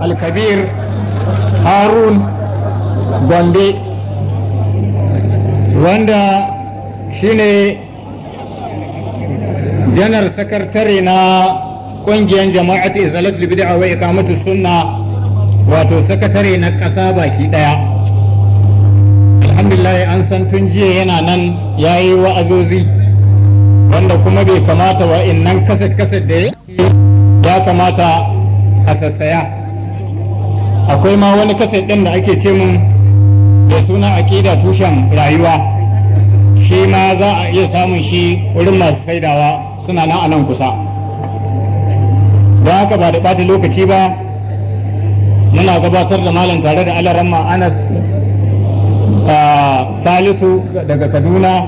alkabir harun gombe wanda shine janar sakatare na ƙungiyar jama'at izalatul bid'a wa iqamatu sunna wato sakatare na ƙasa baki ɗaya alhamdulillah an san tun jiya yana nan yayi wa'azozi wanda kuma bai kamata nan kaset kaset da ya kamata a sassaya akwai ma wani kasa ɗin da ake ce mun da suna aƙida tushen rayuwa shi ma za a iya samun shi wurin masu saidawa suna nan a nan kusa Da haka ba da ɓata lokaci ba muna gabatar da malam tare da ma'anar anas salisu daga kaduna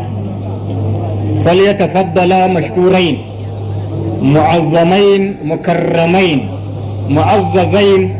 falyatafaddala mashkurain mu'azzamain mukarramain mu'azzazain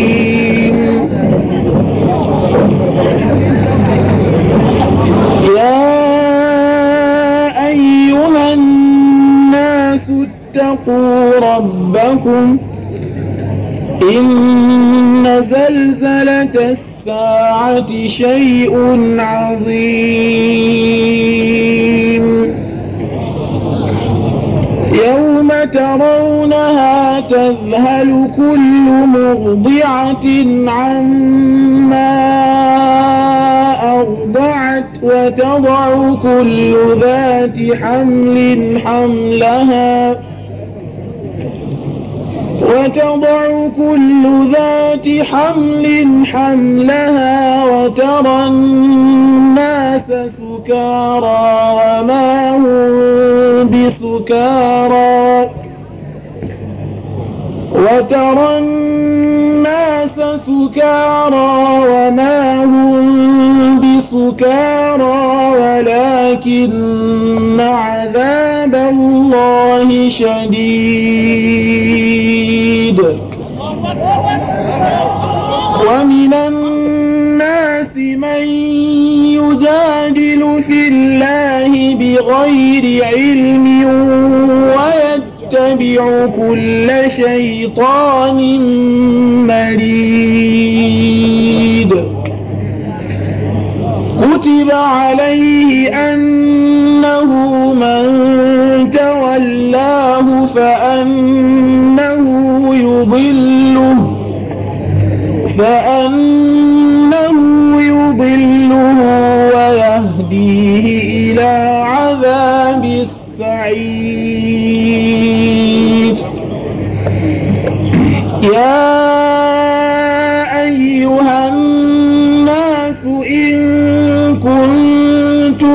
اتقوا ربكم إن زلزلة الساعة شيء عظيم يوم ترونها تذهل كل مرضعة عما أرضعت وتضع كل ذات حمل حملها وتضع كل ذات حمل حملها وترى الناس سكارى وما هم بسكارى وترى الناس سكارى وما هم سكارى ولكن عذاب الله شديد ومن الناس من يجادل في الله بغير علم ويتبع كل شيطان مريد كتب عليه أنه من تولاه فأنه يضله فأنه يضله ويهديه إلى عذاب السعير يا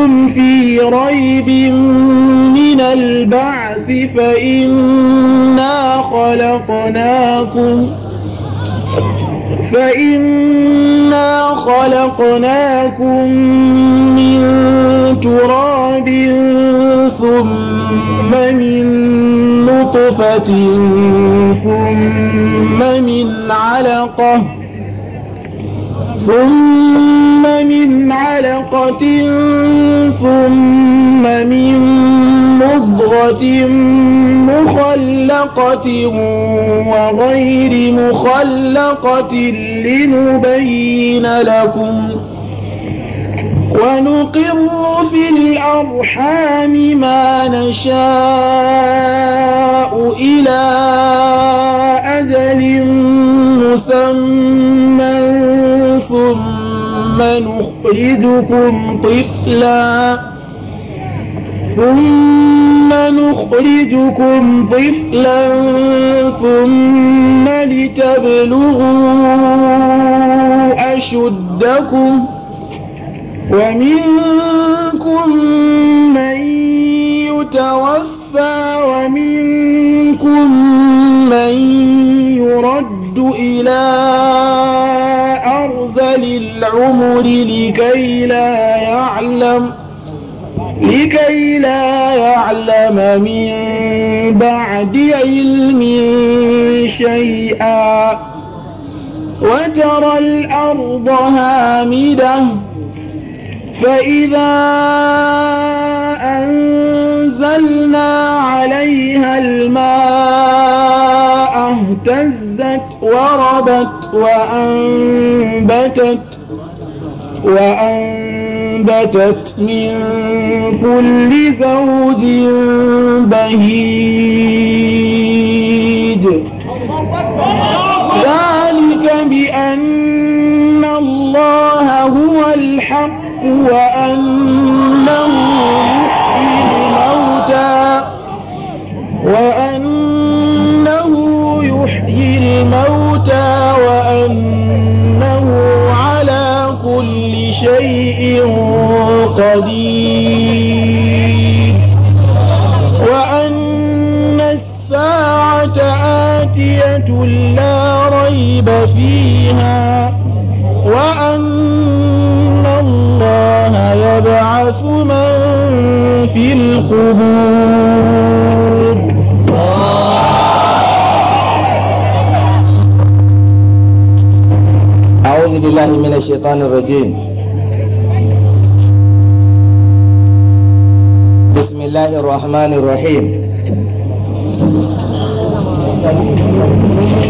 كنتم في ريب من البعث فإنا خلقناكم فإنا خلقناكم من تراب ثم من نطفة ثم من علقة ثم من علقة ثم من مضغة مخلقة وغير مخلقة لنبين لكم ونقر في الأرحام ما نشاء إلى أجل مسمى ثم ثم نخرجكم طفلا ثم نخرجكم طفلا ثم لتبلغوا أشدكم ومنكم من يتوفى ومنكم من يرد إلى الأرض للعمر لكي لا يعلم لكي لا يعلم من بعد علم شيئا وترى الأرض هامدة فإذا أنزلنا عليها الماء اهتزت وربت وأنبتت وأنبتت من كل زوج بهيج ذلك بأن الله هو الحق وأن أنفسنا وأن الله يبعث من في القبور أعوذ بالله من الشيطان الرجيم بسم الله الرحمن الرحيم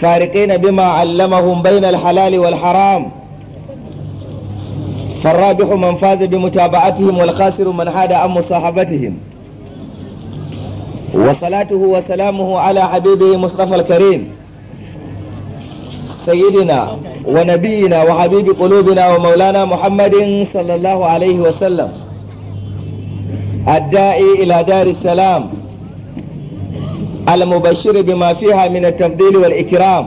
فارقين بما علمهم بين الحلال والحرام فالرابح من فاز بمتابعتهم والخاسر من حاد عن مصاحبتهم وصلاته وسلامه على حبيبه مصطفى الكريم سيدنا ونبينا وحبيب قلوبنا ومولانا محمد صلى الله عليه وسلم الداعي إلى دار السلام المبشر بما فيها من التفضيل والإكرام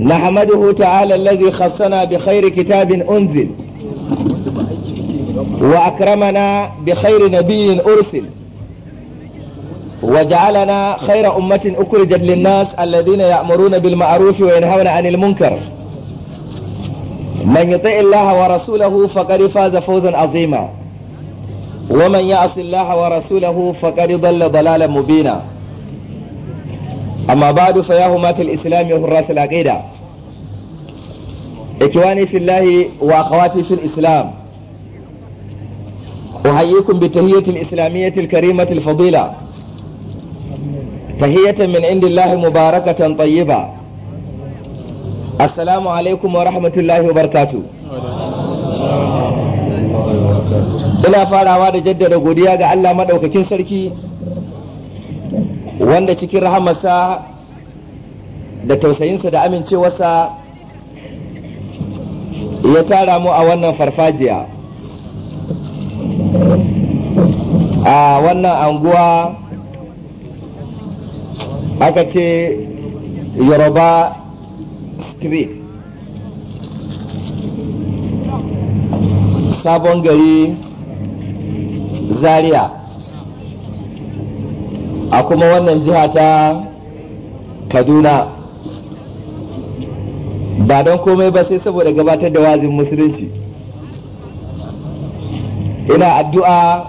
نحمده تعالى الذي خصنا بخير كتاب أنزل وأكرمنا بخير نبي أرسل وجعلنا خير أمة أخرجت للناس الذين يأمرون بالمعروف وينهون عن المنكر من يطع الله ورسوله فقد فاز فوزا عظيما ومن يعص الله ورسوله فقد ضل ضلالا مبينا أما بعد فيا همات الإسلام وحراس العقيدة إخواني في الله وأخواتي في الإسلام أحييكم بتهية الإسلامية الكريمة الفضيلة تهية من عند الله مباركة طيبة السلام عليكم ورحمة الله وبركاته ina farawa da jaddada godiya ga Allah maɗaukakin sarki wanda cikin rahamarsa da tausayinsa da amincewarsa ya tara mu a wannan farfajiya a wannan anguwa aka ce yoruba street sabon gari zaria a kuma wannan jiha ta kaduna ba don komai ba sai saboda gabatar da wazin musulunci ina addu'a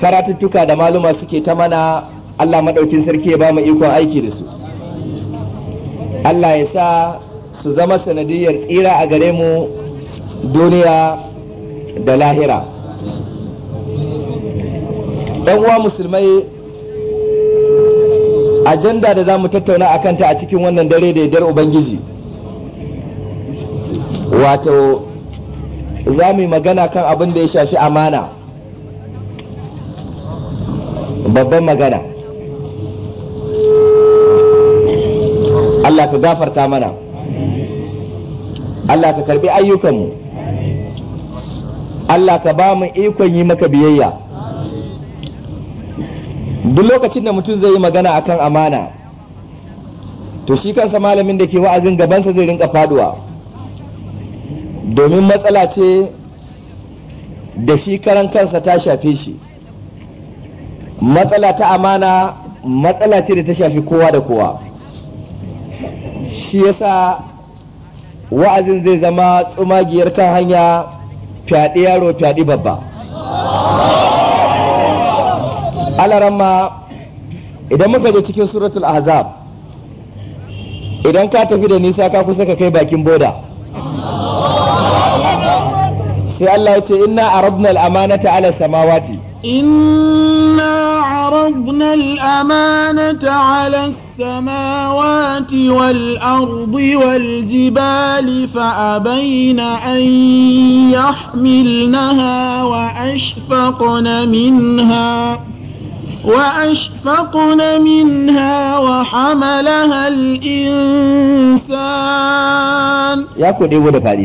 karatuttuka da maluma suke ta mana allah maɗaukin sarki ya ba mu ikon aiki da su allah ya sa su zama sanadiyar tsira a gare mu duniya da lahira ɗan uwa musulmai ajanda da za mu tattauna a kanta a cikin wannan dare da yadda ubangiji wato za mu yi magana kan abin da ya shafi amana babban magana Allah ka gafarta mana Allah ka karbi ayyukanmu Allah ka ba mu ikon yi maka biyayya duk lokacin da mutum zai yi magana akan amana to shi kansa malamin da ke wa'azin gabansa zai rinka faduwa domin matsala ce da shi karan kansa ta shafe shi matsala ta amana matsala ce da ta shafi kowa da kowa shi yasa wa'azin zai zama tsumagiyar kan hanya fyaɗe yaro fyaɗe babba alaramma idan muka je cikin suratul ahzab idan ka tafi da nisa ka kusa ka kai bakin boda sai Allah ya ce inna a rabnal amanata ala samawati إِنَّا عَرَضْنَا الْأَمَانَةَ عَلَى السَّمَاوَاتِ وَالْأَرْضِ وَالْجِبَالِ فَأَبَيْنَ أَن يَحْمِلْنَهَا وَأَشْفَقْنَ مِنْهَا ۖ وأشفقن منها وحملها الإنسان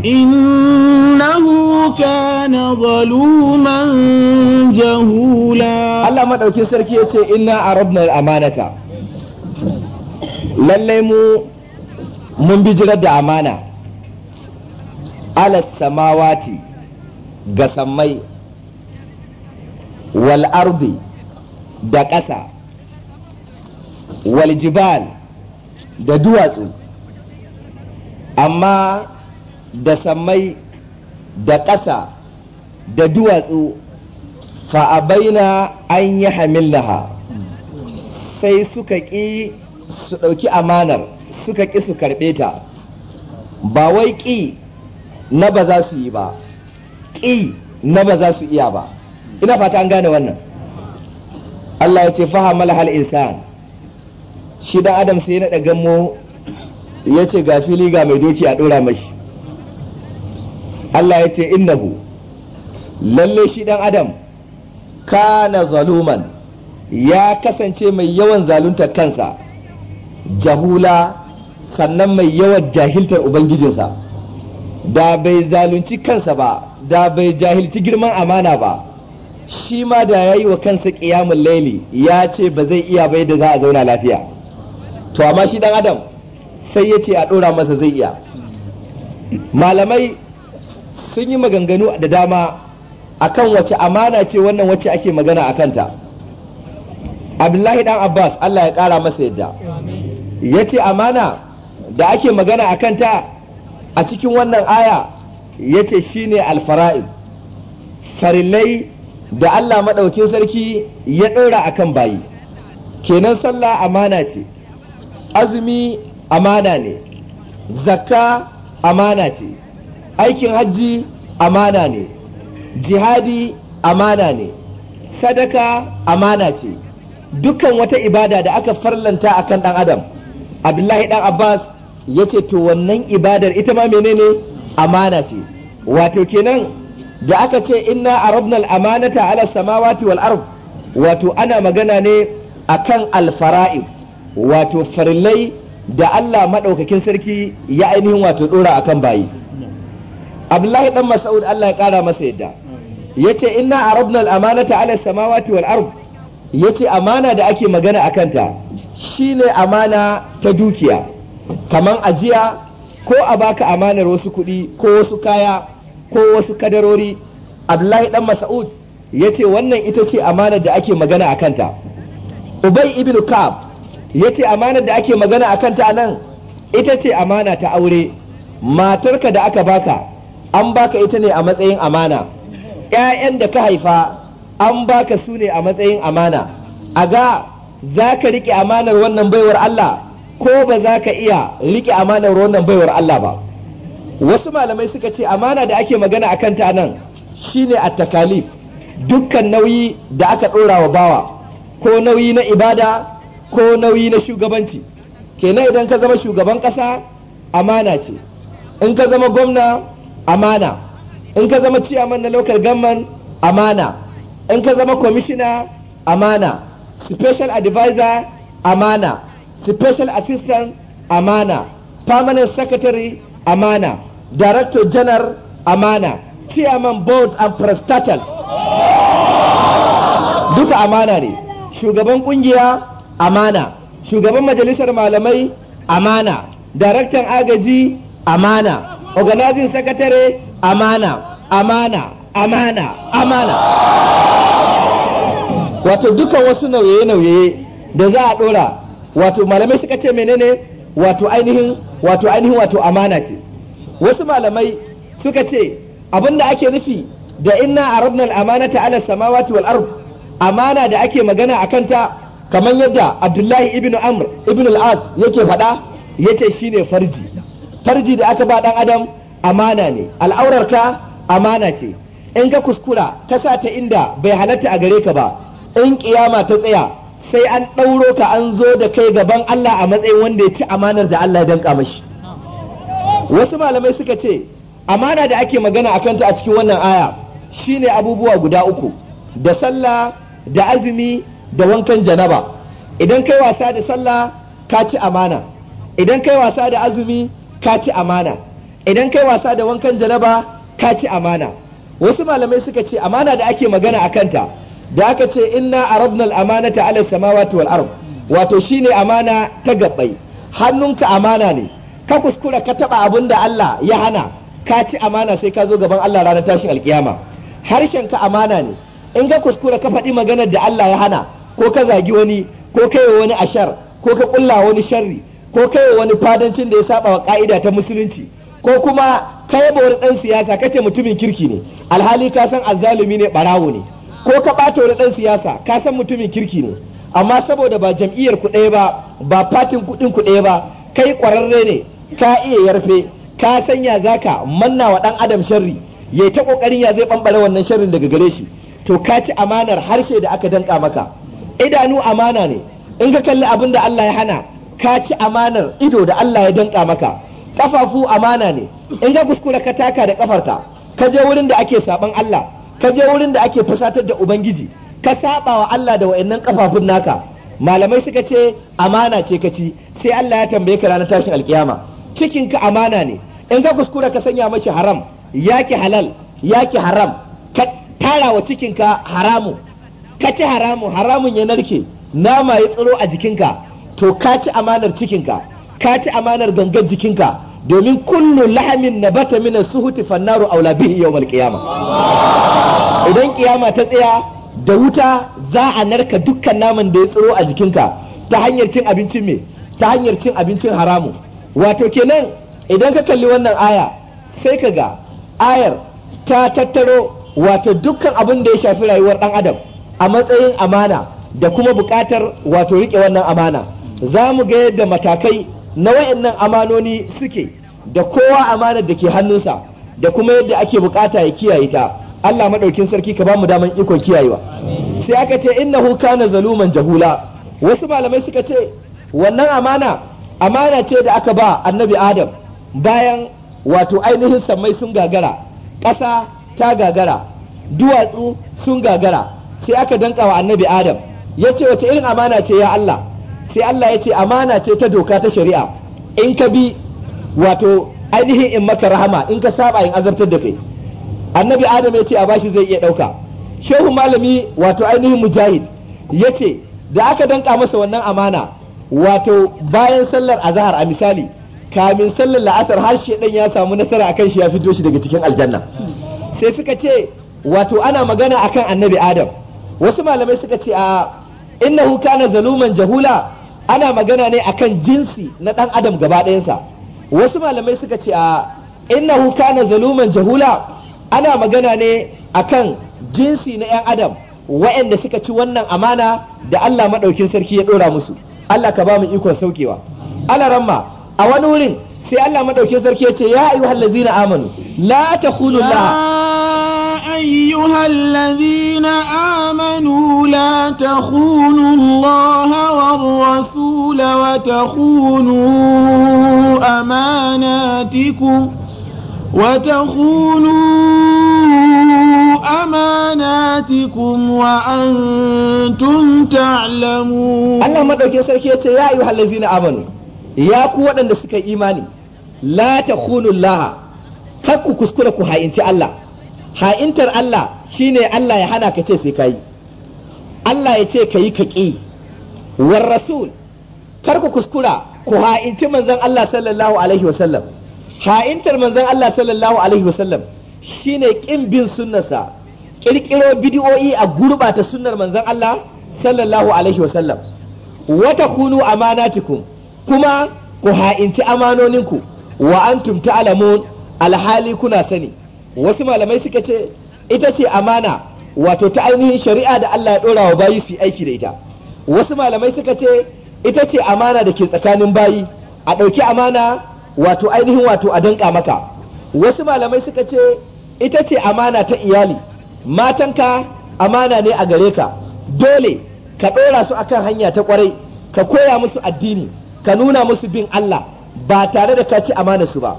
إنه كان ظلوما جهولا الله ما دوكي سركي يتي إنا عرضنا الأمانة lallai mu mun bijirar da amana alas samawati ga sammai wal ardi da ƙasa waljibal da duwatsu amma da sammai da ƙasa da duwatsu fa fa'abaina an yi hamillaha sai suka ƙi su ɗauki amanar suka ƙi su karɓe ta ba wai ƙi na ba za su yi ba ƙi na ba za su iya ba ina fata an gane wannan Allah ya ce fahamal hal insan shi da adam sai na daga mu ya ce ga fili ga mai doki a dora mashi Allah ya ce innahu lalle shi dan adam kana zaluman ya kasance mai yawan zalunta kansa jahula sannan mai yawan jahiltar ubangijinsa da bai zalunci kansa ba da bai jahilci girman amana ba shi ma da ya yi wa kansa ƙiyamun laili ya ce ba zai iya bai da za a zauna lafiya to amma shi dan adam sai ya ce a ɗora masa zai iya malamai sun yi maganganu da dama akan wace amana ce wannan wacce ake magana a kanta abdullahi ɗan abbas allah ya ƙara masa yadda ya ce amana da ake magana a kanta a cikin wannan aya ya ce shi shine alfara'id farillai da Allah maɗaukin sarki ya ɗora a kan bayi kenan sallah amana ce azumi amana ne zakka amana ce aikin hajji amana ne jihadi amana ne sadaka amana ce dukkan wata ibada da aka farlanta a kan ɗan adam abdullahi ɗan abbas ya ce to wannan ibadar ita ma menene amana ce wato kenan da aka ce inna arabnal amanata ala samawati wal ard wato ana magana ne akan alfara'i wato farillai da Allah madaukakin sarki ya ainihin wato dora akan bayi Abdullahi dan Mas'ud Allah ya kara masa yadda yace inna arabnal amanata ala samawati wal ard yace amana da ake magana akan ta shine amana ta dukiya kaman ajiya ko a baka amanar wasu kuɗi ko wasu kaya ko wasu kadarori abdullahi dan mas'ud yace wannan ita ce amanar da ake magana a kanta ubay ibn kab yace ce amanar da ake magana a kanta a nan ita ce amana ta aure matarka da aka baka an baka ita ne a matsayin amana 'ya'yan da ka haifa an baka su ne a matsayin amana a ga za ka riƙe amanar wannan baiwar Allah ko ba za ka iya riƙe amanar wannan baiwar Allah ba wasu malamai suka ce amana da ake magana a ta nan shine a takalif dukkan nauyi da aka ɗora wa bawa ko nauyi na ibada ko nauyi na shugabanci kenan idan ka zama shugaban ƙasa amana ce in ka zama gwamna amana in ka zama ciyaman na local gamman amana in ka zama kwamishina amana special advisor amana special assistant amana permanent secretary amana director general amana chairman board and prestatals duka amana ne shugaban kungiya amana shugaban majalisar malamai amana daraktan agaji amana organizing secretary amana amana amana amana wato duka wasu nauye-nauye da za a dora wato malamai suka ce menene wato ainihin wato ainihin wato amana ce wasu malamai suka ce abin da ake nufi da inna arabna al-amanata ala samawati wal ard amana da ake magana akan ta kamar yadda Abdullahi ibn Amr ibn al-As yake faɗa yace shine farji farji da aka ba dan adam amana ne al'aurarka amana ce in ka kuskura ka sa ta inda bai halatta a gare ka ba in kiyama ta tsaya sai an ɗauro ka an zo da kai gaban Allah a matsayin wanda ya ci amanar da Allah ya danka mashi wasu malamai suka ce amana da ake magana a kanta a cikin wannan aya shine abubuwa guda uku da sallah da azumi da wankan janaba idan kai wasa da sallah ka ci amana idan kai wasa da azumi ka ci amana idan kai wasa da wankan janaba ka ci amana wasu malamai suka ce amana da ake magana a kanta da aka ce inna arabna al-amanata ala samawati wal ard wato shine amana ta gabbai hannunka amana ne ka kuskura ka taba abin da Allah ya hana ka ci amana sai ka zo gaban Allah ranar tashin alkiyama harshen ka amana ne in ka kuskura ka faɗi maganar da Allah ya hana ko ka zagi wani ko ka yi wani ashar ko ka kulla wani sharri ko ka yi wani fadancin da ya saba wa ka'ida ta musulunci ko kuma ka yaba wani dan siyasa ka ce mutumin kirki ne alhali ka san azzalumi ne barawo ne ko ka bata wani ɗan siyasa ka san mutumin kirki ne amma saboda ba jam'iyyar ku ɗaya ba ba fatin kuɗin ku ɗaya ba kai ƙwararre ne ka iya yarfe ka sanya zaka manna wa dan adam sharri ya ta kokarin ya zai bambare wannan sharrin daga gare shi to ka ci amanar harshe da aka danka maka idanu amana ne in ka kalli abin da Allah ya hana ka ci amanar ido da Allah ya danka maka Ƙafafu amana ne in ka kuskura ka taka da kafarka ka je wurin da ake saɓan Allah ka je wurin da ake fusatar da ubangiji ka saba wa Allah da wayannan kafafun naka malamai suka ce amana ce ka ci sai Allah ya tambaye ka ranar tashin alkiyama cikinka amana ne in ka kuskura ka sanya mashi haram yaki halal yaki haram ka tara wa ka haramu ka ci haramu haramun ya narke nama ya tsiro a jikinka to ka ci amanar cikinka ka ci amanar gangan jikinka domin kullu lahamin nabata mina suhuti fannaru aula bihi yawmal qiyama idan kiyama ta tsaya da wuta za a narka dukkan naman da ya tsiro a jikinka ta hanyar cin abincin me ta hanyar cin abincin haramu wato kenan idan ka kalli wannan aya sai ka ga ayar ta tattaro wato dukkan abin da ya shafi rayuwar ɗan adam a matsayin amana da kuma buƙatar wato riƙe wannan amana za mu ga yadda matakai na wa'annan amanoni suke da kowa amana da ke hannunsa da kuma yadda ake buƙata ya kiyaye ta Allah maɗaukin sarki ka ba mu daman ikon kiyayewa sai aka ce innahu kana zaluman jahula wasu malamai suka ce wannan amana amana ce da aka ba annabi adam bayan wato ainihin sammai sun gagara ƙasa ta gagara duwatsu sun gagara sai aka danka wa annabi adam ya ce wace irin amana ce ya Allah sai Allah ya ce amana ce ta doka ta shari'a in ka bi wato ainihin in maka rahama in ka saba in azabtar da kai annabi adam ya ce a bashi zai iya ɗauka shehu malami wato ainihin mujahid ya ce da aka danka masa wannan amana wato bayan sallar azahar a misali kamin sallar la'asar har shedan ya samu nasara akan shi ya fito shi daga cikin aljanna sai suka ce wato ana magana akan annabi adam wasu malamai suka ce a innahu kana zaluman jahula ana magana ne akan jinsi na dan adam gaba ɗayansa wasu malamai suka ce a innahu kana zaluman jahula ana magana ne akan jinsi na yan adam wa'anda suka ci wannan amana da Allah maɗaukin sarki ya ɗora musu Allah ka ba mu ikon saukewa ala ramma a wani wurin sai Allah madauke sarki ya ce ya ayyuhal ladzina amanu la takhulu la ayyuhal ladzina amanu la takhunu Allah war rasul wa takhunu amanatikum وتخونوا أماناتكم وأنتم تعلمون الله ما دوكي سركي يا أيها الذين آمنوا يا قوة لسك إيماني لا تخونوا الله ككو كسكولكو هاي انت الله هاي انت الله شيني الله يحنا كتسي كاي الله يتي كاي كاي والرسول كركو كسكولا ku هاي انت من الله صلى الله عليه وسلم ha'intar manzon Allah sallallahu alaihi wasallam shine kin bin sunnarsa kirkiro bidiyoyi a gurbata sunnar manzon Allah sallallahu alaihi wasallam wata kunu amanatikum kuma ku ha'inci amanoninku wa antum ta'lamun alhali kuna sani wasu malamai suka ce ita ce amana wato ta ainihin shari'a da Allah ya dora wa bayi su aiki da ita wasu malamai suka ce ita ce amana da ke tsakanin bayi a ɗauki amana wato ainihin wato a danka maka wasu malamai suka ce ita ce amana ta iyali matanka amana ne a gare ka dole ka ɗora su akan hanya ta kwarai ka koya musu addini ka nuna musu bin Allah ba tare da ka ci amana su ba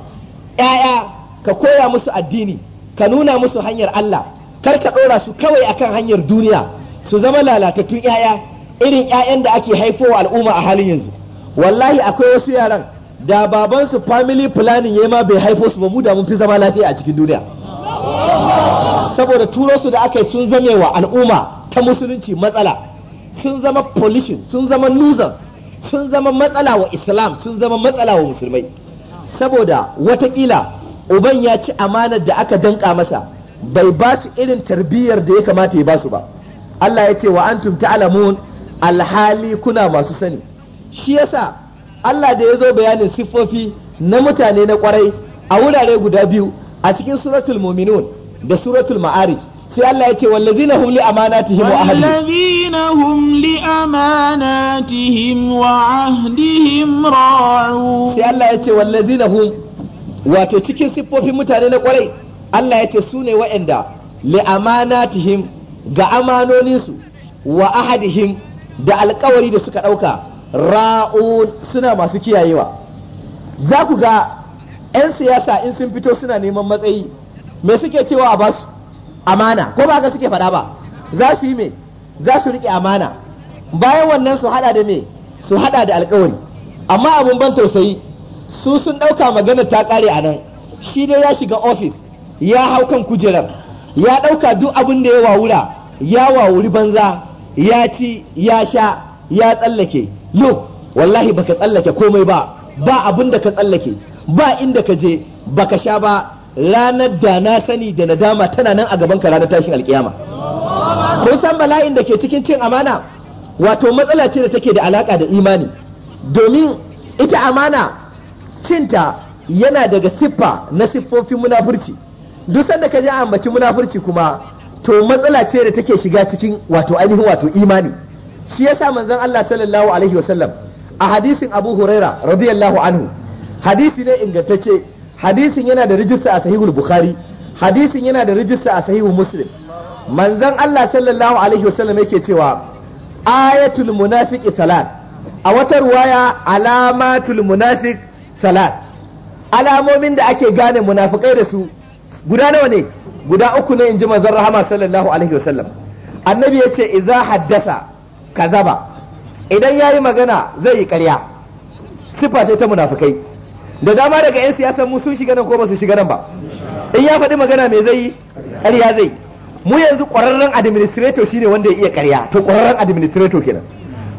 ‘ya'ya ka koya musu addini ka nuna musu hanyar Allah kar ka ɗora su kawai akan hanyar duniya su zama lalatattun ‘ya'ya irin ƴaƴan da ake haifowa al'umma a halin yanzu wallahi akwai wasu yaran da babansu family planning ya ma bai haifo su ba mu da mun fi zama lafiya a cikin duniya saboda turo da aka yi sun zame wa al'umma ta musulunci matsala sun zama pollution sun zama losers sun zama matsala wa islam sun zama matsala wa musulmai saboda watakila uban ya ci amanar da aka danka masa bai ba su irin tarbiyyar da ya kamata ya ba su ba Allah ya ce wa antum ta'lamun alhali kuna masu sani shi yasa Allah da ya zo bayanin siffofi na mutane na kwarai a wurare guda biyu a cikin suratul muminun da suratul ma'arij sai Allah yake wallazina hum li amanatihim wa ahdihim wallazina hum li amanatihim wa ahdihim ra'un sai Allah yake wallazina hum wato cikin siffofin mutane na kwarai Allah yake sune wa'anda li amanatihim ga amanoninsu wa ahadihim da alkawari da suka dauka ra'un suna masu kiyayewa za ku ga 'yan siyasa in sun fito suna neman matsayi me suke cewa a basu amana ko ba ga suke faɗa ba za su yi me za su riƙe amana bayan wannan su hada da me su hada da alkawari amma abin ban tausayi su sun ɗauka magana ta ƙare a nan shi dai ya shiga ofis ya hau kan kujerar ya ɗauka duk abin da ya wawura ya wawuri banza ya ci ya sha ya tsallake yau wallahi baka tsallake komai ba ba abin da ka tsallake ba inda ka je baka sha ba ranar da na sani da nadama tana nan a gaban ka ranar tashin alkiyama kun san bala'in da ke cikin cin amana wato matsala ce da take da alaka da imani domin ita amana cinta yana daga siffa na siffofin munafurci duk sanda ka je a ambaci munafurci kuma to matsala ce da take shiga cikin wato ainihin wato imani shi yasa manzon Allah sallallahu alaihi wasallam a hadisin Abu Huraira radiyallahu anhu hadisi ne ingantacce hadisin yana da rijista a sahihul Bukhari hadisin yana da rijista a sahihul Muslim manzon Allah sallallahu alaihi wasallam yake cewa ayatul munafiq salat a wata ruwaya alamatul munafiq salat alamomin da ake gane munafikai da su guda nawa ne guda uku ne inji manzon rahama sallallahu alaihi wasallam annabi yace idza haddasa kazaba idan ya yi magana zai yi karya siffa ta munafukai da dama daga 'yan siyasan mu sun shiga nan ko ba su shiga nan ba in ya faɗi magana mai zai yi karya zai mu yanzu ƙwararren administrator shine wanda ya iya karya to ƙwararren administrator kenan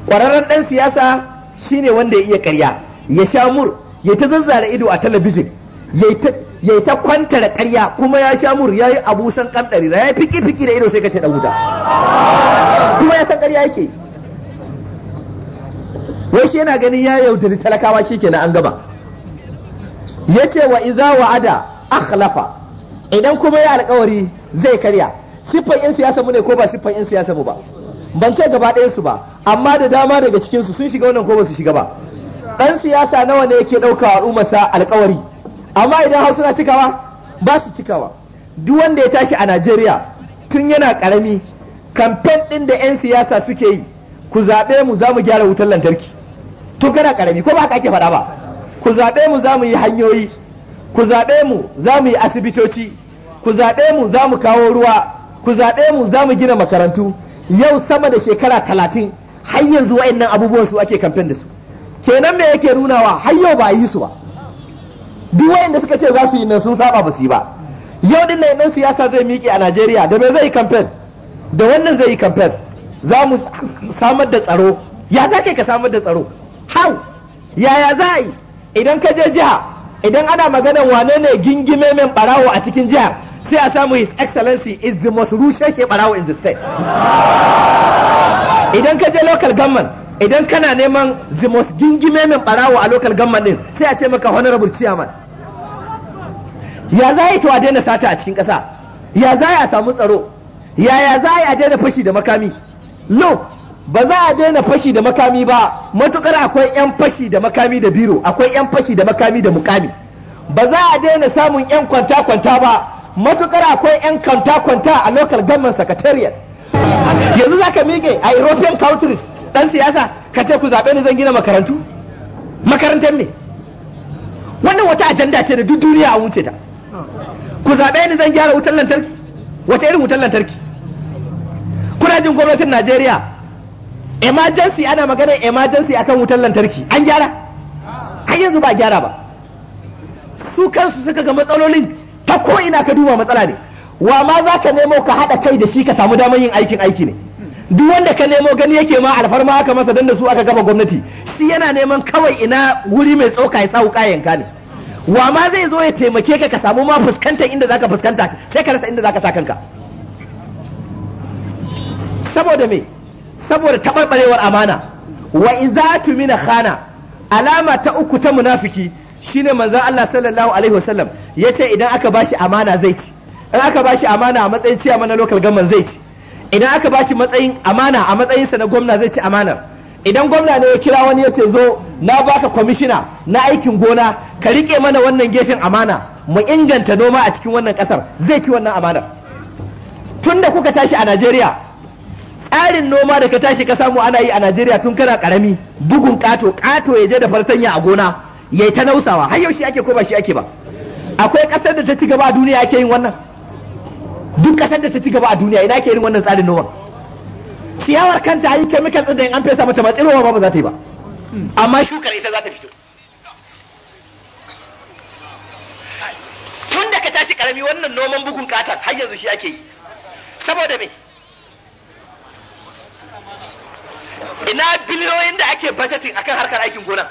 ƙwararren ɗan siyasa shine wanda ya iya karya ya sha mur ya ta zazzara ido a talabijin ya ta ya yi ta kwanta da karya kuma ya sha mur ya yi abusan kan ɗari ya fiki fiki da ido sai ka ce ɗan wuta kuma ya san ƙarya yake wai shi yana ganin ya yaudari talakawa shi kenan an gaba ya ce wa iza ada akhlafa idan kuma ya alkawari zai karya siffan yin siyasa mu ne ko ba siffan yin siyasa mu ba ban ce gaba ɗaya su ba amma da dama daga cikin su sun shiga wannan ko ba su shiga ba dan siyasa nawa ne yake ɗauka al'ummarsa alkawari amma idan hausa na cikawa ba su cikawa duk wanda ya tashi a Najeriya tun yana karami kamfen ɗin da 'yan siyasa suke yi ku zaɓe mu za mu gyara wutar lantarki tun kana karami ko ba haka ake faɗa ba ku zaɓe mu za mu yi hanyoyi ku zaɓe mu za mu yi asibitoci ku zaɓe mu za mu kawo ruwa ku zaɓe mu za mu gina makarantu yau sama da shekara talatin har yanzu wa'annan abubuwan su ake kamfen da su kenan me yake nunawa har yau ba a yi su ba duk wayanda suka ce za su yi nan sun saba ba su yi ba yau din nan nan siyasa zai miƙe a Najeriya da me zai yi campaign da wannan zai yi campaign za mu samar da tsaro ya za ka samar da tsaro how yaya za a yi idan ka je jiha idan ana maganar wane ne gingime men barawo a cikin jihar sai a samu his excellency is the most rushe ke barawo in the state idan ka je local government idan kana neman the most gingime min barawo a local government din sai a ce maka honorable chairman ya za yi to a daina sata a cikin ƙasa ya za a samu tsaro yaya za a daina fashi da makami no ba za a daina fashi da makami ba matukar akwai 'yan fashi da makami da biro akwai 'yan fashi da makami da mukami ba za a daina samun 'yan kwanta-kwanta ba matukar akwai 'yan kwanta-kwanta a local government secretariat yanzu za ka miƙe a european countries dan siyasa ka ce ku zaɓe ni zan gina makarantu makarantar ne. wannan wata ajanda ce da duk duniya a wuce ta ku zaɓe ni zan gyara wutar lantarki wata irin wutar lantarki kuna jin gwamnatin Najeriya emergency ana magana emergency akan wutar lantarki an gyara har yanzu ba gyara ba su kansu suka ga matsalolin ta ko ina ka duba matsala ne wa ma za ka nemo ka haɗa kai da shi ka samu damar yin aikin aiki ne duk wanda ka nemo gani yake ma alfarma aka masa dan da su aka gaba gwamnati shi yana neman kawai ina wuri mai tsoka ya tsawo kayanka ne wa ma zai zo ya taimake ka ka samu ma fuskantar inda zaka fuskanta sai ka rasa inda zaka sa kanka saboda me saboda taɓarɓarewar amana wa iza tumina khana alama ta uku ta munafiki shine manzon Allah sallallahu alaihi wasallam yace idan aka bashi amana zai ci in aka bashi amana a matsayin ciya mana local government zai ci idan aka ba shi matsayin amana a matsayinsa na gwamna zai ci amanar idan gwamna ne ya kira wani ya ce zo na baka kwamishina na aikin gona ka rike mana wannan gefen amana mu inganta noma a cikin wannan ƙasar, zai ci wannan amanar tunda kuka tashi a Najeriya tsarin noma da ka tashi ka samu ana yi a Najeriya tun kana karami bugun kato kato ya je da fartanya a gona yi ta nausawa har yaushe ake ko ba shi ake ba akwai kasar da ta ci gaba a duniya ake yin wannan duk kasar da ta ci gaba a duniya ina ke irin wannan tsarin noman ciyawar kanta yi chemical din da in an fesa mata ba tsirowa ba ba za ta yi ba amma shukar ita za ta fito tun da ka tashi karami wannan noman bugun katar har yanzu shi ake yi saboda me ina biliyoyin da ake budgeting akan harkar aikin gona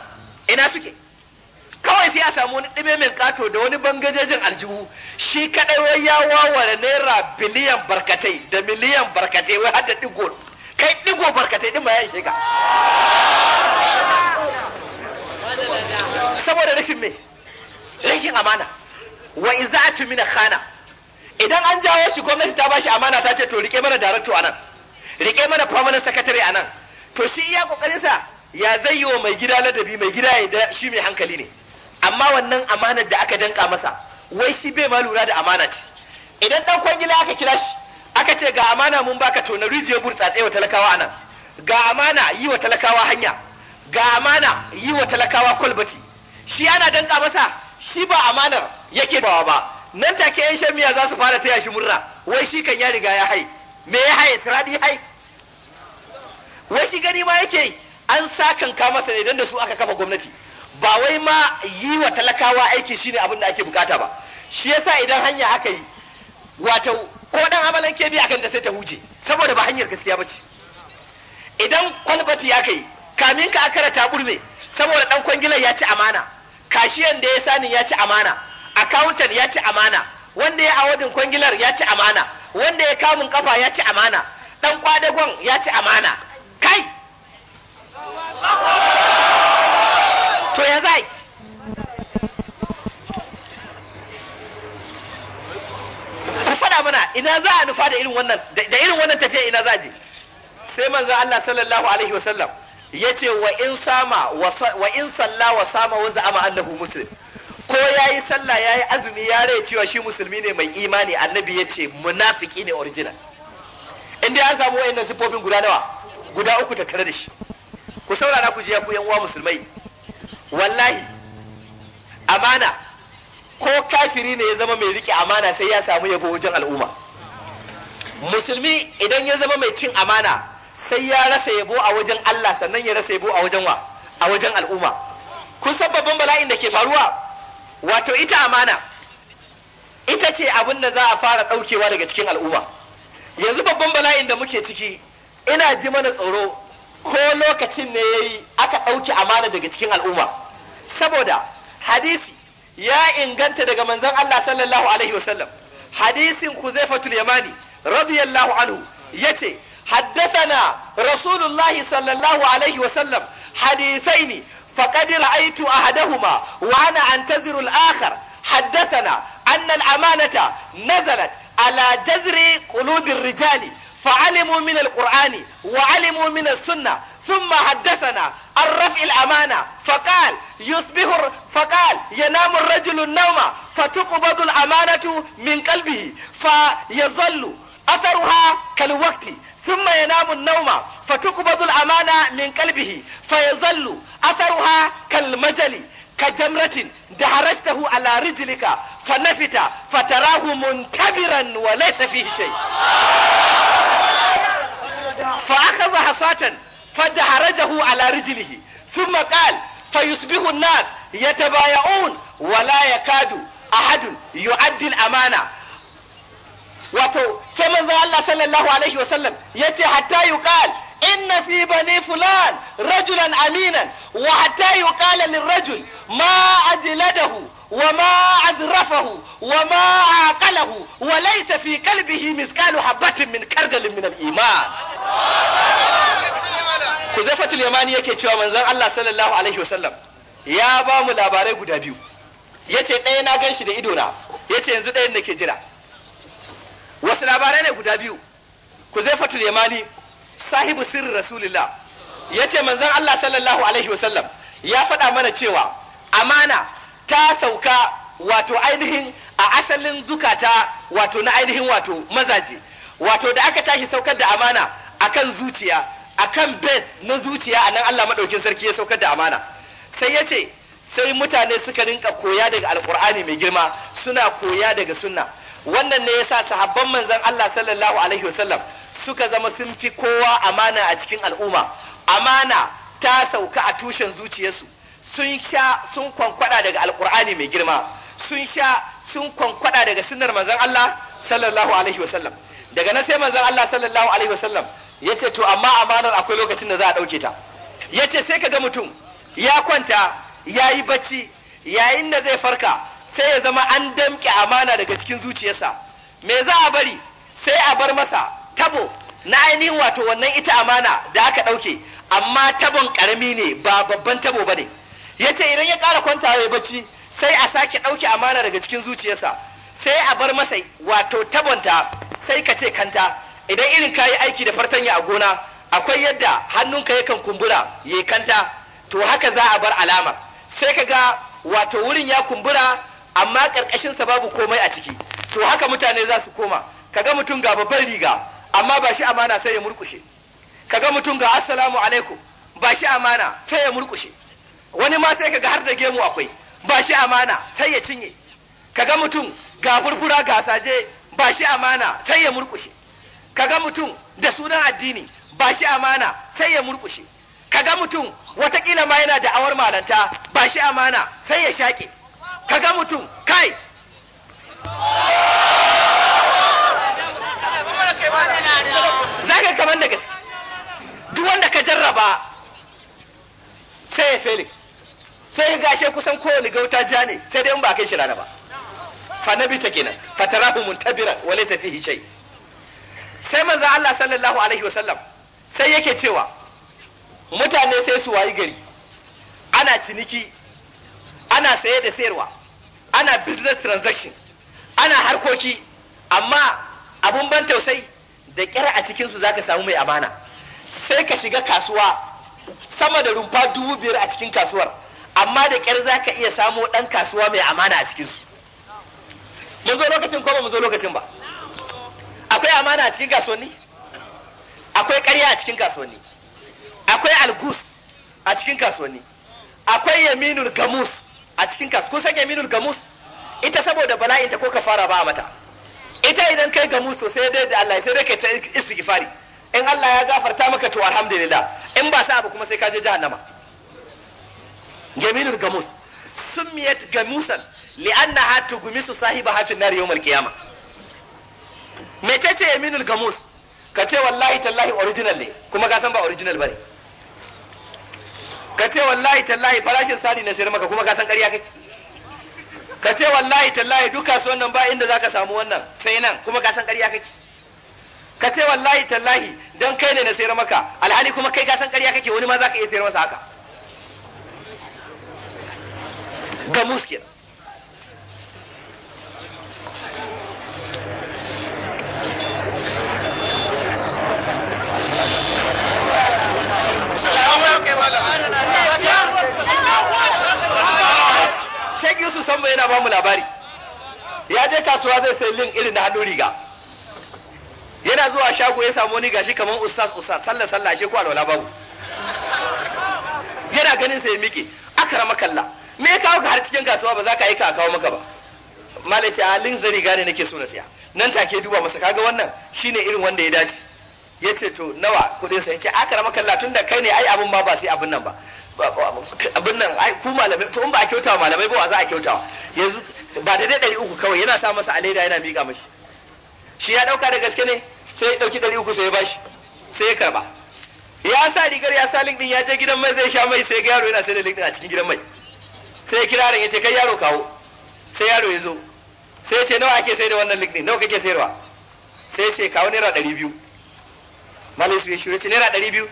ina suke kawai sai a samu wani tsime mai kato da wani bangajejin aljihu shi kadai wai ya waware naira biliyan barkatai da miliyan barkatai wai hada digo kai digo barkatai din ma ya ishe ka saboda rashin me rashin amana wa iza'atu min khana idan an jawo shi gwamnati ta bashi amana ta ce to rike mana director anan rike mana permanent secretary anan to shi iya kokarin sa ya zai yi wa mai gida ladabi mai gida ya shi mai hankali ne amma wannan amanar da aka danka masa wai shi bai ma lura da amana ce idan dan kwangila aka kira shi aka ce ga amana mun baka to na rijiyar burtsatse wa talakawa anan ga amana yi wa talakawa hanya ga amana yi wa talakawa kwalbati shi ana danka masa shi ba amanar yake bawa ba nan take yan shan miya za su fara taya shi murna wai shi kan ya riga ya hai me ya hai siradi hai wai shi gani ma yake an sakan ka masa ne don da su aka kafa gwamnati ba wai ma yi wa talakawa aiki shine abin da ake bukata ba shi yasa idan hanya aka yi wato ko dan amalan ke bi akan ta sai ta huje saboda ba hanyar gaskiya ba ce idan kwalbati ya kai kamin ka akara ta burme saboda ɗan kwangilar ya ci amana kashiyan da ya sani ya ci amana accountant ya ci amana wanda ya awadin kwangilar ya ci amana wanda ya kamun kafa ya ci amana dan kwadagon ya ci amana kai to ya zai ku faɗa mana ina za a nufa da irin wannan da irin wannan tafiya ina za je sai manzo Allah sallallahu alaihi wasallam yace wa in sama wa in salla wa sama wa za'ama annahu muslim ko yayi sallah yayi azumi ya rai cewa shi musulmi ne mai imani annabi yace munafiki ne original in dai an samu wayannan sifofin guda nawa guda uku tattare da shi ku saurara ku je ku yan uwa musulmai wallahi amana ko kafiri ne ya zama mai rike amana sai ya samu yabo wajen al'umma musulmi idan ya zama mai cin amana sai ya rasa yabo a wajen Allah sannan ya rasa yabo a wajen wa a wajen al'umma kun san babban bala'in da ke faruwa wato ita amana ita ce abin da za a fara ɗaukewa daga cikin al'umma yanzu babban bala'in da muke ciki ina ji mana tsoro ko lokacin ne yayi aka ɗauki amana daga cikin al'umma saboda hadisi ya inganta daga manzon Allah sallallahu alaihi wasallam hadisin kuzaifatul Yamani radiyallahu anhu yace حدثنا رسول الله صلى الله عليه وسلم حديثين فقد رأيت أحدهما وأنا أنتظر الآخر حدثنا أن الأمانة نزلت على جذر قلوب الرجال فعلموا من القرآن وعلموا من السنة ثم حدثنا عن رفع الأمانة فقال يصبح فقال ينام الرجل النوم فتقبض الأمانة من قلبه فيظل أثرها كالوقت ثم ينام النوم فتقبض الأمانة من قلبه فيظل أثرها كالمجل كجمرة دحرجته على رجلك فنفت فتراه منكبرا وليس فيه شيء فأخذ حصاة فدحرجه على رجله ثم قال فيصبح الناس يتبايعون ولا يكاد أحد يؤدي الأمانة wato sai manzo Allah sallallahu alaihi wasallam yace hatta yuqal In nasiba bani fulan rajulan aminan wa hatta yuqala lirrajul ma ajladahu wa ma azrafahu wa ma aqalahu wa laysa fi qalbihi misqalu habatin min kardalin min al-iman Huzaifatul Yamani yake cewa manzon Allah sallallahu alaihi wasallam ya ba mu labarai guda biyu yace ɗaya na gan shi da idona yace yanzu ɗayan ke jira wasu labarai ne guda biyu Huzaifatul Yamani sahibu sirri rasulillah yace manzon Allah sallallahu alaihi wasallam ya faɗa mana cewa amana ta sauka wato ainihin a asalin zukata wato na ainihin wato mazaje wato da aka tashi saukar da amana akan zuciya akan bes na zuciya a nan Allah maɗaukin sarki ya saukar da amana sai ya ce sai mutane suka rinka koya daga alkur'ani mai girma suna koya daga sunna wannan ne yasa sahabban manzon Allah sallallahu alaihi wasallam suka zama sun fi kowa amana a cikin al'umma amana ta sauka a tushen zuciyarsu sun sha sun kwankwada daga alkur'ani mai girma sun sha sun kwankwada daga sunnar manzon Allah sallallahu alaihi wasallam daga nan sai manzan Allah sallallahu alaihi wasallam yace to amma amanar akwai lokacin da za a dauke ta yace sai kaga mutum ya kwanta yayi bacci yayin da zai farka sai ya zama an damke amana daga cikin zuciyarsa me za a bari sai a bar masa tabo na ainihin wato wannan ita amana da aka ɗauke amma tabon ƙarami ne ba babban tabo ba ne ya ce idan ya ƙara kwanta ya bacci sai a sake ɗauke amana daga cikin zuciyarsa sai a bar masa wato tabonta sai ka ce kanta idan irin kayi aiki da fartanya a gona akwai yadda hannunka yakan kumbura ya kanta to haka za a bar alama sai ka ga wato wurin ya kumbura amma ƙarƙashinsa babu komai a ciki to haka mutane za su koma ga mutum ga babban riga amma ba shi amana sai ya murkushe kaga mutum ga assalamu alaikum ba shi amana sai ya murkushe wani ma sai kaga har da gemu akwai ba shi amana sai ya cinye kaga mutum ga furfura ga saje ba shi amana sai ya murkushe kaga mutum da sunan addini ba shi amana sai ya murkushe kaga mutum watakila ma yana da awar malanta ba shi amana sai ya shaƙe kaga mutum kai zaka ka kamar da gaske duk wanda ka jarraba sai ya fele sai gashe kusan kowane gauta ja ne sai dai in ba kai shi rana ba fa nabi ta kenan fa tarahu muntabira wa laysa fihi shay sai manzo Allah sallallahu alaihi wa sallam sai yake cewa mutane sai su wayi gari ana ciniki ana saye da sayarwa ana business transaction ana harkoki amma abun ban tausayi da kyar a cikinsu su zaka samu mai amana sai ka shiga kasuwa sama da rumfa dubu biyar a cikin kasuwar amma da kyar za ka iya samo ɗan kasuwa mai amana a cikinsu mun zo lokacin ko ba mun zo lokacin ba akwai amana a cikin kasuwanni akwai ƙarya a cikin kasuwanni akwai algus a cikin kasuwanni akwai yaminul gamus a cikin kasuwa kun san yaminul gamus ita saboda bala'inta ko ka fara ba mata ita idan kai ga musu sai dai da Allah sai dai kai ta istighfari in Allah ya gafarta maka to alhamdulillah in ba sa abu kuma sai ka je jahannama jamilul gamus sumiyat gamusan li'annaha tugmisu sahibaha fi nar yawm al-qiyamah me tace yaminul gamus ka ce wallahi tallahi original ne kuma ka san ba original bane ka ce wallahi tallahi farashin sani na sayar maka kuma ka san ƙarya kake ka ce wallahi tallahi duk kasuwan nan ba inda zaka samu wannan sai nan kuma ka san ƙarya kake ka ce wallahi tallahi dan kai ne na sayar maka alhali kuma kai ka san ƙarya kake wani ma zaka iya sayar masa haka ga muskil Thank you. shek yusuf samba yana bamu labari ya je kasuwa zai sai link irin na hannun riga yana zuwa shago ya samu wani gashi kamar ustaz ustaz salla salla shi ko alwala babu yana ganin sai miki akrama kalla me ya kawo har cikin kasuwa ba za ka aika a kawo maka ba malai ce a link zari riga ne nake so na siya nan take duba masa kaga wannan shine irin wanda ya dace ya ce to nawa kudin sa yace akrama kalla tunda kai ne ai abun ma ba sai abun nan ba abin nan ku malamai to in ba a kyauta malamai ba wa za a kyauta yanzu ba da dai 300 uku kawai yana sa masa alaida yana miƙa mashi shi ya ɗauka da gaske ne sai ya ɗauki 300 uku sai ya bashi sai ya karba ya sa rigar ya sa linkin ya je gidan mai zai sha mai sai ga yaro yana sai da linkin a cikin gidan mai sai ya kira ran ya ce kai yaro kawo sai yaro ya zo sai ya ce nawa ake sai da wannan linkin nawa kake sayarwa sai ya ce kawo naira 200 biyu malam su ya shi ya ce naira 200 biyu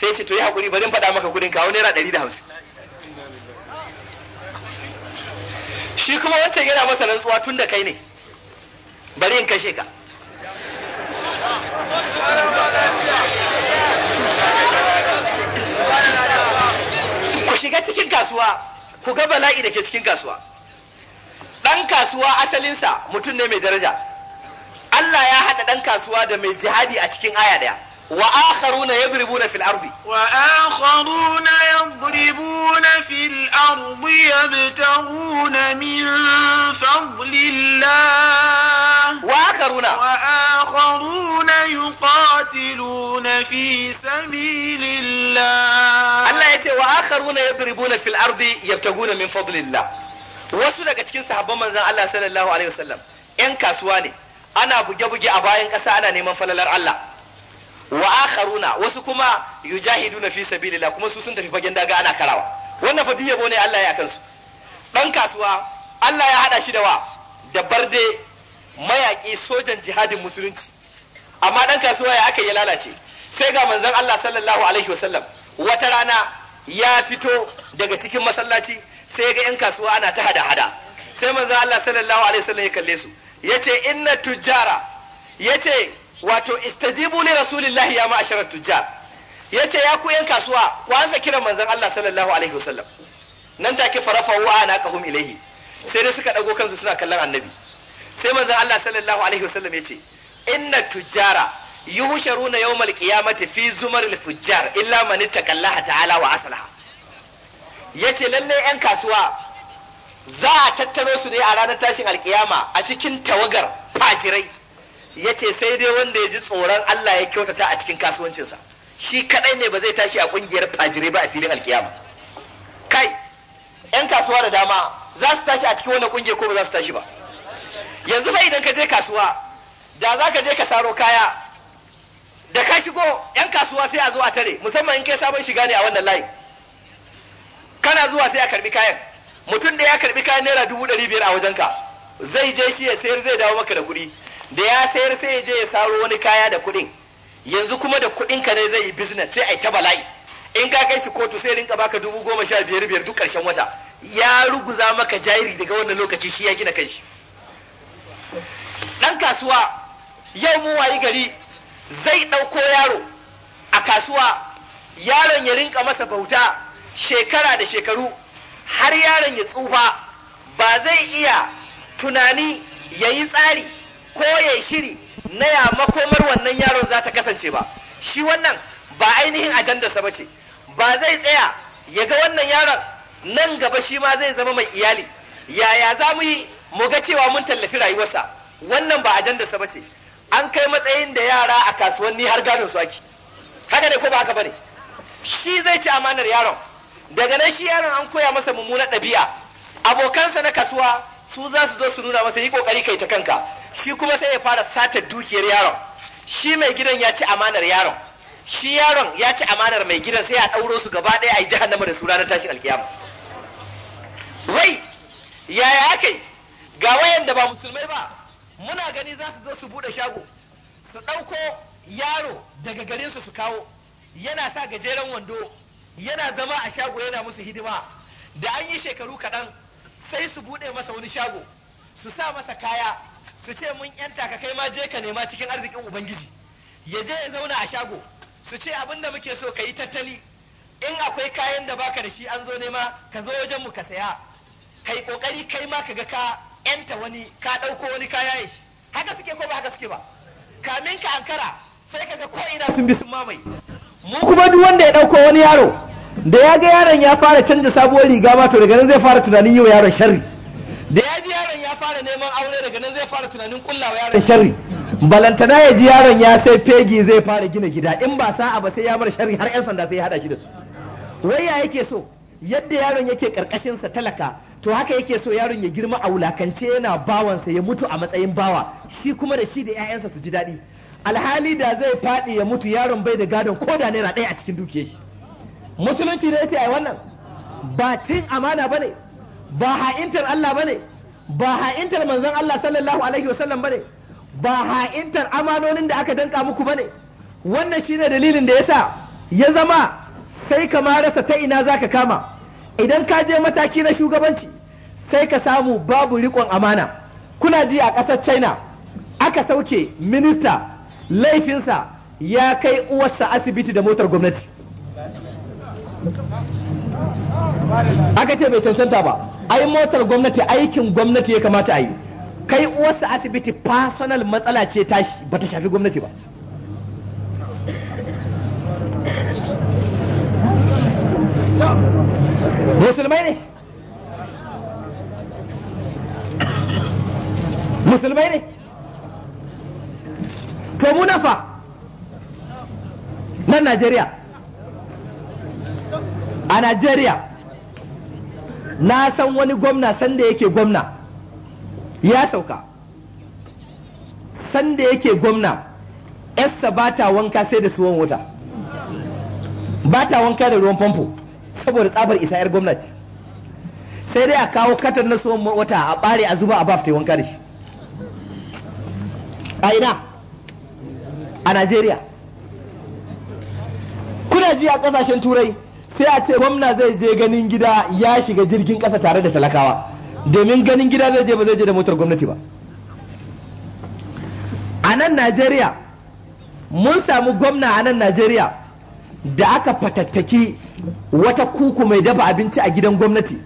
sai ce to yi hakuri bari faɗa maka kudin kawo naira ɗari da hamsin shi kuma wancan yana masa rantsuwa tun da kai ne bari in kashe ka ku shiga cikin kasuwa ku ga bala'i da ke cikin kasuwa ɗan kasuwa asalinsa mutum ne mai daraja Allah ya haɗa ɗan kasuwa da mai jihadi a cikin aya ɗaya وآخرون يضربون في الأرض وآخرون يضربون في الأرض يبتغون من فضل الله وآخرون وآخرون يقاتلون في سبيل الله الله يتي وآخرون يضربون في الأرض يبتغون من فضل الله wasu daga cikin sahabban manzon Allah sallallahu alaihi wasallam ƴan kasuwa ne ana buge-buge a bayan ƙasa ana neman falalar Allah wa akharuna wasu kuma yujahiduna fi sabilillah kuma su sun tafi fagen daga ana karawa wannan fadi yabo ne Allah ya kansu dan kasuwa Allah ya hada shi da wa da barde mayaki sojan jihadin musulunci amma dan kasuwa ya aka ya lalace sai ga manzon Allah sallallahu alaihi wasallam wata rana ya fito daga cikin masallaci sai ga yan kasuwa ana ta hada hada sai manzon Allah sallallahu alaihi wasallam ya kalle su yace inna tujara yace wato istajibu li rasulillahi ya ma'asharat tujjar yace ya ku yan kasuwa ku ansa kiran manzon Allah sallallahu alaihi wasallam nan take farafawu wa ana kahum ilaihi sai dai suka dago kansu suna kallon annabi sai manzon Allah sallallahu alaihi wasallam yace inna tujjara yuhsharuna yawmal qiyamati fi zumaril fujjar illa man ittaqallaha ta'ala wa aslaha yace lalle yan kasuwa za a tattaro su ne a ranar tashin alkiyama a cikin tawagar fajirai Ya ce sai dai wanda ya ji tsoron Allah ya kyautata a cikin kasuwancinsa shi kadai ne ba zai tashi a kungiyar fajirai ba a filin alkiyama kai yan kasuwa da dama za su tashi a cikin wannan kungiyar ko ba za su tashi ba yanzu fa idan ka je kasuwa da za ka je ka taro kaya da ka shigo yan kasuwa sai a zo a tare musamman in kai sabon shiga ne a wannan layi kana zuwa sai a karbi kayan mutum da ya karbi kayan naira dubu ɗari biyar a wajenka zai je shi ya sayar zai dawo maka da kuɗi da ya sayar sai ya je ya saro wani kaya da kuɗin yanzu kuma da kuɗin ka ne zai yi business sai ai ta bala'i in ka kai shi kotu sai rinka baka dubu goma sha biyar biyar duk ƙarshen wata ya ruguza maka jayiri daga wannan lokaci shi ya gina kai shi ɗan kasuwa yau mu wayi gari zai ɗauko yaro a kasuwa yaron ya rinka masa bauta shekara da shekaru har yaron ya tsufa ba zai iya tunani ya yi tsari ko ya shiri na ya makomar wannan yaron za ta kasance ba shi wannan ba ainihin ajandarsa ba ce ba zai tsaya ya ga wannan yaron nan gaba shi ma zai zama mai iyali yaya za mu yi mu ga cewa mun tallafi rayuwarta? wannan ba ajandarsa ba ce an kai matsayin da yara a kasuwanni har gadon su ake haka ne ko ba haka bane shi zai ci amanar yaron daga nan shi yaron an koya masa mummunar ɗabi'a abokansa na kasuwa su za su zo su nuna masa yi kokari kai ta kanka shi kuma sai ya fara sata dukiyar yaron shi mai gidan ya ci amanar yaron shi yaron ya ci amanar mai gidan sai a ɗauro su gaba ɗaya a yi jahannama da su ranar tashin alkiyama wai yaya ake ga ga wayanda ba musulmai ba muna gani za su zo su buɗe shago su ɗauko yaro daga garinsu su kawo yana sa gajeren wando yana zama a shago yana musu hidima da an yi shekaru kaɗan sai su buɗe masa wani shago su sa masa kaya su ce mun yanta ka kai ma je ka nema cikin arzikin ubangiji ya je ya zauna a shago su ce abin da muke so ka yi tattali in akwai kayan da baka da shi an zo nema ka zo wajen mu ka saya kai kokari kai ma ka ga ka yanta wani ka ɗauko wani kaya ya shi haka suke ko ba haka suke ba kamin ka ankara sai ka ga ko ina sun bi sun mamaye mu kuma duk wanda ya ɗauko wani yaro da ya ga yaron ya fara canza sabuwar riga ma to daga nan zai fara tunanin yi wa yaron sharri da ya ji yaron ya fara neman aure daga nan zai fara tunanin kulla wa yaron sharri balantana ya ji yaron ya sai fegi zai fara gina gida in ba sa'a ba sai ya bar sharri har yan sanda sai ya hada shi da su wai ya yake so yadda yaron yake karkashin sa talaka to haka yake so yaron ya girma a wulakance yana bawansa ya mutu a matsayin bawa shi kuma da shi da 'ya'yansa su ji daɗi alhali da zai faɗi ya mutu yaron bai da gadon koda da naira ɗaya a cikin dukiyar shi musulunci ne yace ai wannan ba cin amana bane ba ha'intar Allah bane ba ha'intar manzon Allah sallallahu alaihi wasallam bane ba ha'intar amanonin da aka danka muku bane wannan shine dalilin da yasa ya zama sai ka marasa ta ina zaka kama idan ka je mataki na shugabanci sai ka samu babu rikon amana kuna ji a ƙasar china aka sauke minista laifinsa ya kai uwarsa asibiti da motar gwamnati aka ce bai cancanta ba ai motar gwamnati aikin gwamnati ya kamata a yi kai wasu asibiti personal matsala ce ta ba ta shafi gwamnati ba musulmai ne musulmai ne to mu nan najeriya a Najeriya na san wani gwamna sanda yake gwamna ya sauka sanda yake gwamna yarsa ba ta wanka sai da suwan wuta ba ta wanka da ruwan famfo saboda tsabar isa yar gwamnati sai dai a kawo katar na suwan wata a bare a zuba a baf wanka da shi a ina a Najeriya kuna ji a kasashen turai sai a ce gwamna zai je ganin gida ya shiga jirgin ƙasa tare da talakawa domin ganin gida zai je ba zai je da motar gwamnati ba a nan najeriya mun samu gwamna a nan najeriya da aka fatattaki wata kuku mai dafa abinci a gidan gwamnati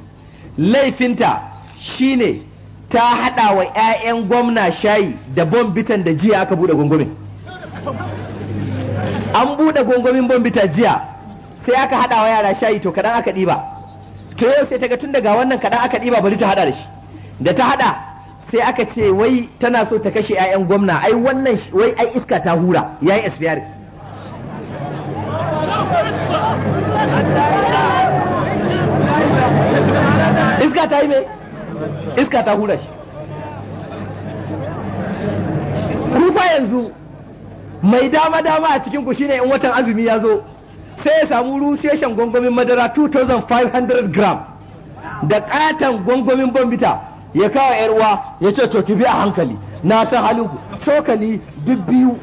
laifinta shine ta haɗa wa 'ya'yan gwamna shayi da bombitan da jiya aka buɗe gwangwamin an buɗe gwangwamin bombita jiya sai aka haɗa wa yara shayi to kaɗan aka ɗiba to yau sai ta ga tun daga wannan kaɗan aka ɗiba bari ta haɗa da shi da ta haɗa sai aka ce wai tana so ta kashe 'ya'yan gwamna ai wannan wai ai iska ta hura yayi expire iska ta yi me iska ta hura shi kufa yanzu mai dama dama a cikin ku shine in watan azumi ya zo sai ya samu rusheshen gwangwamin madara 2500 gram da katon gwangwamin bambita ya kawo yar uwa ya ce to ki a hankali na san halin cokali duk biyu